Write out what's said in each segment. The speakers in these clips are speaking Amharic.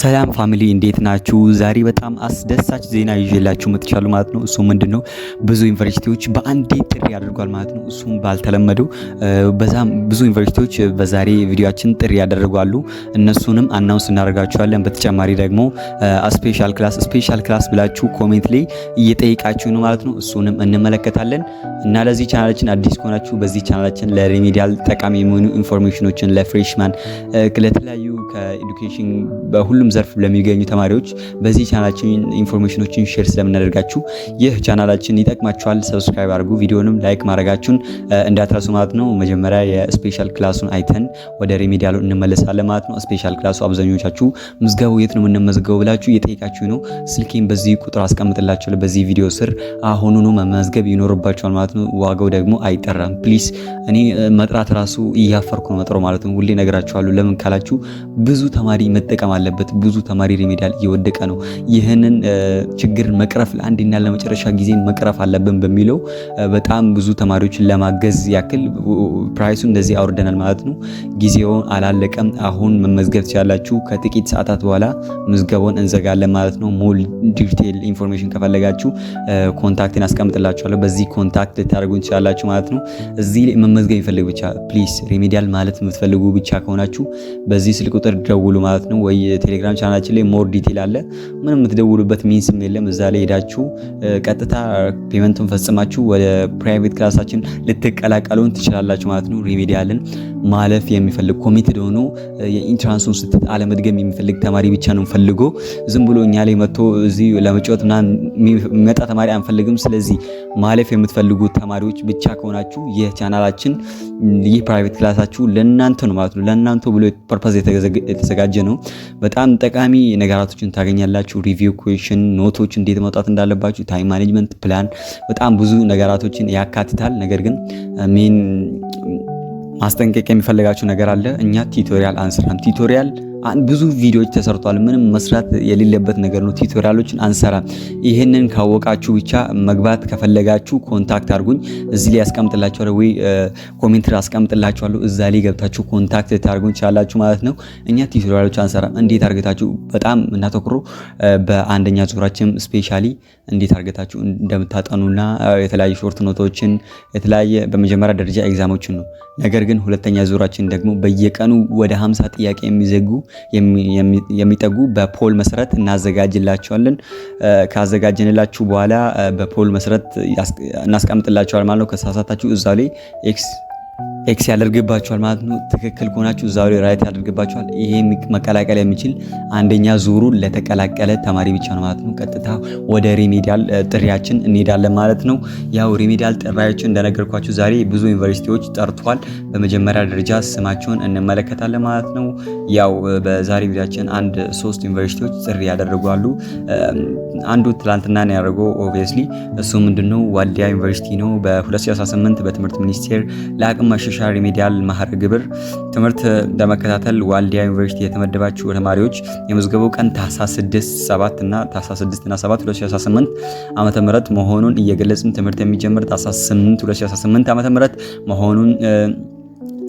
ሰላም ፋሚሊ እንዴት ናችሁ? ዛሬ በጣም አስደሳች ዜና ይዤላችሁ መጥቻለሁ ማለት ነው። እሱ ምንድን ነው? ብዙ ዩኒቨርሲቲዎች በአንዴ ጥሪ አድርጓል ማለት ነው። እሱም ባልተለመደው በዛም ብዙ ዩኒቨርሲቲዎች በዛሬ ቪዲዮችን ጥሪ ያደርጓሉ። እነሱንም አናውንስ እናደርጋችኋለን። በተጨማሪ ደግሞ ስፔሻል ክላስ ስፔሻል ክላስ ብላችሁ ኮሜንት ላይ እየጠየቃችሁ ነው ማለት ነው። እሱንም እንመለከታለን እና ለዚህ ቻናላችን አዲስ ከሆናችሁ በዚህ ቻናላችን ለሪሚዲያል ጠቃሚ የሚሆኑ ኢንፎርሜሽኖችን ለፍሬሽማን ለተለያዩ ከኤዱኬሽን በሁሉም በሁሉም ዘርፍ ለሚገኙ ተማሪዎች በዚህ ቻናላችን ኢንፎርሜሽኖችን ሼር ስለምናደርጋችሁ ይህ ቻናላችን ይጠቅማችኋል። ሰብስክራይብ አድርጉ፣ ቪዲዮንም ላይክ ማድረጋችሁን እንዳትረሱ ማለት ነው። መጀመሪያ የስፔሻል ክላሱን አይተን ወደ ሪሜዲያሉ እንመለሳለን ማለት ነው። ስፔሻል ክላሱ አብዛኞቻችሁ ምዝገባው የት ነው የምንመዘገበው ብላችሁ እየጠየቃችሁ ነው። ስልኬን በዚህ ቁጥር አስቀምጥላችኋለሁ በዚህ ቪዲዮ ስር አሁኑኑ መመዝገብ ይኖርባችኋል ማለት ነው። ዋጋው ደግሞ አይጠራም። ፕሊስ እኔ መጥራት ራሱ እያፈርኩ ነው መጥሮ ማለት ነው። ሁሌ ነገራችኋለሁ። ለምን ካላችሁ ብዙ ተማሪ መጠቀም አለበት ብዙ ተማሪ ሪሜዲያል እየወደቀ ነው። ይህንን ችግር መቅረፍ ለአንድና ለመጨረሻ ጊዜ መቅረፍ አለብን በሚለው በጣም ብዙ ተማሪዎችን ለማገዝ ያክል ፕራይሱ እንደዚህ አውርደናል ማለት ነው። ጊዜውን አላለቀም። አሁን መመዝገብ ትችላላችሁ። ከጥቂት ሰዓታት በኋላ ምዝገባውን እንዘጋለን ማለት ነው። ሞል ዲቴል ኢንፎርሜሽን ከፈለጋችሁ ኮንታክትን አስቀምጥላችኋለሁ። በዚህ ኮንታክት ልታደርጉ ትችላላችሁ ማለት ነው። እዚህ መመዝገብ ይፈልግ ብቻ ፕሊስ ሪሜዲያል ማለት የምትፈልጉ ብቻ ከሆናችሁ በዚህ ስልክ ቁጥር ደውሉ ማለት ነው ወይ ቴሌግራም ቴሌግራም ቻናላችን ላይ ሞር ዲቴል አለ። ምንም የምትደውሉበት ሚንስም የለም። እዛ ላይ ሄዳችሁ ቀጥታ ፔመንቱን ፈጽማችሁ ወደ ፕራይቬት ክላሳችን ልትቀላቀሉን ትችላላችሁ ማለት ነው። ሪሜዲያልን ማለፍ የሚፈልግ ኮሚትድ ሆኖ የኢንትራንሱን ስትት አለመድገም የሚፈልግ ተማሪ ብቻ ነው ፈልጎ ዝም ብሎ እኛ ላይ መጥቶ እዚህ ለመጫወት ምናምን የሚመጣ ተማሪ አንፈልግም። ስለዚህ ማለፍ የምትፈልጉ ተማሪዎች ብቻ ከሆናችሁ ይህ ቻናላችን ይህ ፕራይቬት ክላሳችሁ ለእናንተ ነው ማለት ነው። ለእናንተ ብሎ ፐርፐዝ የተዘጋጀ ነው። በጣም ጠቃሚ ነገራቶችን ታገኛላችሁ። ሪቪው ኩዌሽን፣ ኖቶች እንዴት መውጣት እንዳለባችሁ፣ ታይም ማኔጅመንት ፕላን፣ በጣም ብዙ ነገራቶችን ያካትታል። ነገር ግን ሜን ማስጠንቀቅ የሚፈልጋችሁ ነገር አለ። እኛ ቲቶሪያል አንስራም ቲቶሪያል ብዙ ቪዲዮዎች ተሰርቷል። ምንም መስራት የሌለበት ነገር ነው። ቱቶሪያሎችን አንሰራም። ይህንን ካወቃችሁ ብቻ መግባት ከፈለጋችሁ ኮንታክት አድርጉኝ። እዚህ ላይ አስቀምጥላችኋለሁ ወይ ኮሜንት አስቀምጥላችኋለሁ። እዛ ላይ ገብታችሁ ኮንታክት ታርጉኝ ቻላችሁ ማለት ነው። እኛ ቱቶሪያሎች አንሰራ። እንዴት አርገታችሁ በጣም እናተኩሮ በአንደኛ ዙራችን ስፔሻሊ እንዴት አርገታችሁ እንደምታጠኑና የተለያዩ ሾርት ኖቶችን የተለያየ በመጀመሪያ ደረጃ ኤግዛሞችን ነው ነገር ግን ሁለተኛ ዙራችን ደግሞ በየቀኑ ወደ 50 ጥያቄ የሚዘጉ የሚጠጉ በፖል መሰረት እናዘጋጅላቸዋለን። ካዘጋጀንላችሁ በኋላ በፖል መሰረት እናስቀምጥላቸዋል ማለት ነው። ከሳሳታችሁ እዛ ላይ ኤክስ ኤክስ ያደርግባቸዋል ማለት ነው። ትክክል ከሆናችሁ እዛው ላይ ራይት ያደርግባቸዋል። ይሄን መቀላቀል የሚችል አንደኛ ዙሩ ለተቀላቀለ ተማሪ ብቻ ነው ማለት ነው። ቀጥታ ወደ ሪሜዲያል ጥሪያችን እንሄዳለን ማለት ነው። ያው ሪሜዲያል ጥሪያችን እንደነገርኳችሁ ዛሬ ብዙ ዩኒቨርሲቲዎች ጠርቷል። በመጀመሪያ ደረጃ ስማቸውን እንመለከታለን ማለት ነው። ያው በዛሬ ቪዲያችን አንድ ሶስት ዩኒቨርሲቲዎች ጥሪ ያደርጓሉ። አንዱ ትላንትና ነው ያደርገው ኦብቪየስሊ እሱ ምንድነው ዋልዲያ ዩኒቨርሲቲ ነው በ2018 በትምህርት ሚኒስቴር ለአቅም መሸሻ ሪሜዲያል ማህረ ግብር ትምህርት ለመከታተል ዋልዲያ ዩኒቨርሲቲ የተመደባችሁ ተማሪዎች የመዝገበው ቀን ታህሳስ 6 7 6 እና 7 2018 ዓመተ ምህረት መሆኑን እየገለጽም ትምህርት የሚጀምር ታህሳስ 8 2018 ዓመተ ምህረት መሆኑን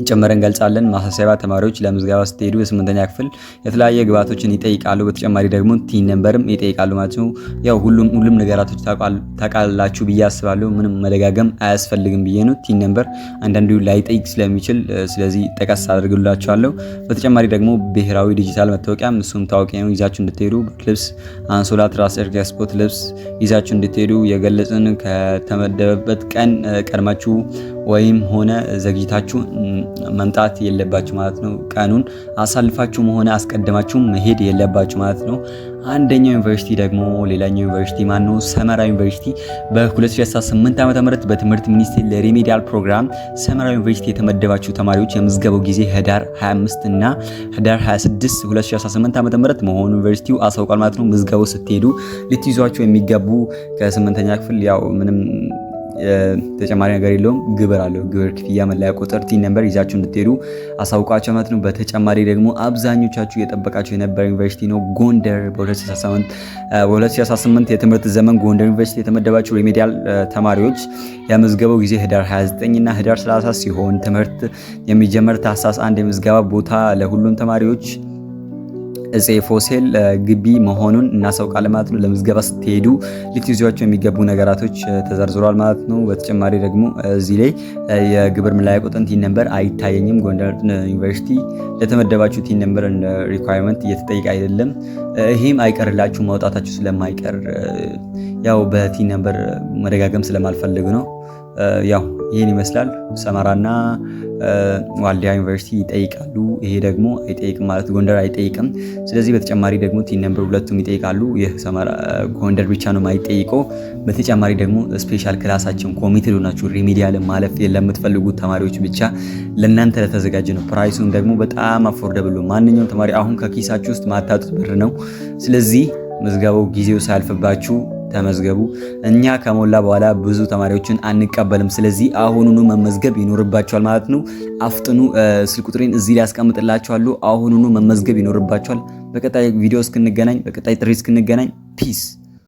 ጨምረን እንገልጻለን። ማሳሰቢያ ተማሪዎች ለምዝገባ ስትሄዱ የስምንተኛ ክፍል የተለያየ ግባቶችን ይጠይቃሉ። በተጨማሪ ደግሞ ቲን ነንበርም ይጠይቃሉ ማለት ነው። ያው ሁሉም ሁሉም ነገራቶች ታውቃላችሁ ብዬ አስባለሁ። ምንም መደጋገም አያስፈልግም ብዬ ነው። ቲን ነንበር አንዳንዱ ላይጠይቅ ስለሚችል ስለዚህ ጠቀስ አድርግላችኋለሁ። በተጨማሪ ደግሞ ብሔራዊ ዲጂታል መታወቂያ እሱም ታወቂ ነው ይዛችሁ እንድትሄዱ ልብስ፣ አንሶላ፣ ትራስ፣ ስፖርት ልብስ ይዛችሁ እንድትሄዱ የገለጽን ከተመደበበት ቀን ቀድማችሁ ወይም ሆነ ዘግይታችሁ መምጣት የለባችሁ ማለት ነው። ቀኑን አሳልፋችሁ ሆነ አስቀድማችሁ መሄድ የለባችሁ ማለት ነው። አንደኛው ዩኒቨርሲቲ ደግሞ ሌላኛው ዩኒቨርሲቲ ማነው? ሰመራ ዩኒቨርሲቲ በ2018 ም በትምህርት ሚኒስቴር ለሪሜዲያል ፕሮግራም ሰመራ ዩኒቨርሲቲ የተመደባችሁ ተማሪዎች የምዝገባው ጊዜ ህዳር 25 እና ህዳር 26 2018 ም መሆኑ ዩኒቨርሲቲው አሳውቋል ማለት ነው። ምዝገባው ስትሄዱ ልትይዟቸው የሚገቡ ከስምንተኛ ክፍል ያው ምንም ተጨማሪ ነገር የለውም። ግብር አለው። ግብር ክፍያ መለያ ቁጥር ቲን ነምበር ይዛችሁ እንድትሄዱ አሳውቃቸው ማለት ነው። በተጨማሪ ደግሞ አብዛኞቻችሁ የጠበቃቸው የነበረ ዩኒቨርሲቲ ነው ጎንደር። በ2018 የትምህርት ዘመን ጎንደር ዩኒቨርሲቲ የተመደባቸው ሪሜዲያል ተማሪዎች የምዝገባው ጊዜ ህዳር 29 እና ህዳር 30 ሲሆን ትምህርት የሚጀመር ታህሳስ አንድ የምዝገባ ቦታ ለሁሉም ተማሪዎች እፄ ፎሴል ግቢ መሆኑን እናሳውቃለን ማለት ነው። ለምዝገባ ስትሄዱ ልትይዟቸው የሚገቡ ነገራቶች ተዘርዝሯል ማለት ነው። በተጨማሪ ደግሞ እዚህ ላይ የግብር ምላያ ቁጥን ቲን ነንበር አይታየኝም። ጎንደር ዩኒቨርሲቲ ለተመደባችሁ ቲን ነንበር ሪኳርመንት እየተጠየቀ አይደለም። ይህም አይቀርላችሁ ማውጣታችሁ ስለማይቀር ያው በቲን ነንበር መደጋገም ስለማልፈልግ ነው ያው ይህን ይመስላል። ሰመራና ዋልዲያ ዩኒቨርሲቲ ይጠይቃሉ። ይሄ ደግሞ አይጠይቅም ማለት ጎንደር አይጠይቅም። ስለዚህ በተጨማሪ ደግሞ ቲን ነምበር ሁለቱም ይጠይቃሉ። ይህ ጎንደር ብቻ ነው የማይጠይቀው በተጨማሪ ደግሞ ስፔሻል ክላሳችን ኮሚቴ ሆናችሁ ሪሚዲያል ማለፍ ለምትፈልጉት ተማሪዎች ብቻ ለእናንተ ለተዘጋጀ ነው። ፕራይሱም ደግሞ በጣም አፎርደብሉ ማንኛውም ተማሪ አሁን ከኪሳችሁ ውስጥ ማታጡት ብር ነው። ስለዚህ ምዝገባው ጊዜው ሳያልፍባችሁ ተመዝገቡ። እኛ ከሞላ በኋላ ብዙ ተማሪዎችን አንቀበልም። ስለዚህ አሁኑኑ መመዝገብ ይኖርባቸዋል ማለት ነው። አፍጥኑ። ስልክ ቁጥሬን እዚህ ላይ ያስቀምጥላችኋለሁ። አሁኑኑ መመዝገብ ይኖርባቸዋል። በቀጣይ ቪዲዮ እስክንገናኝ፣ በቀጣይ ጥሪ እስክንገናኝ ፒስ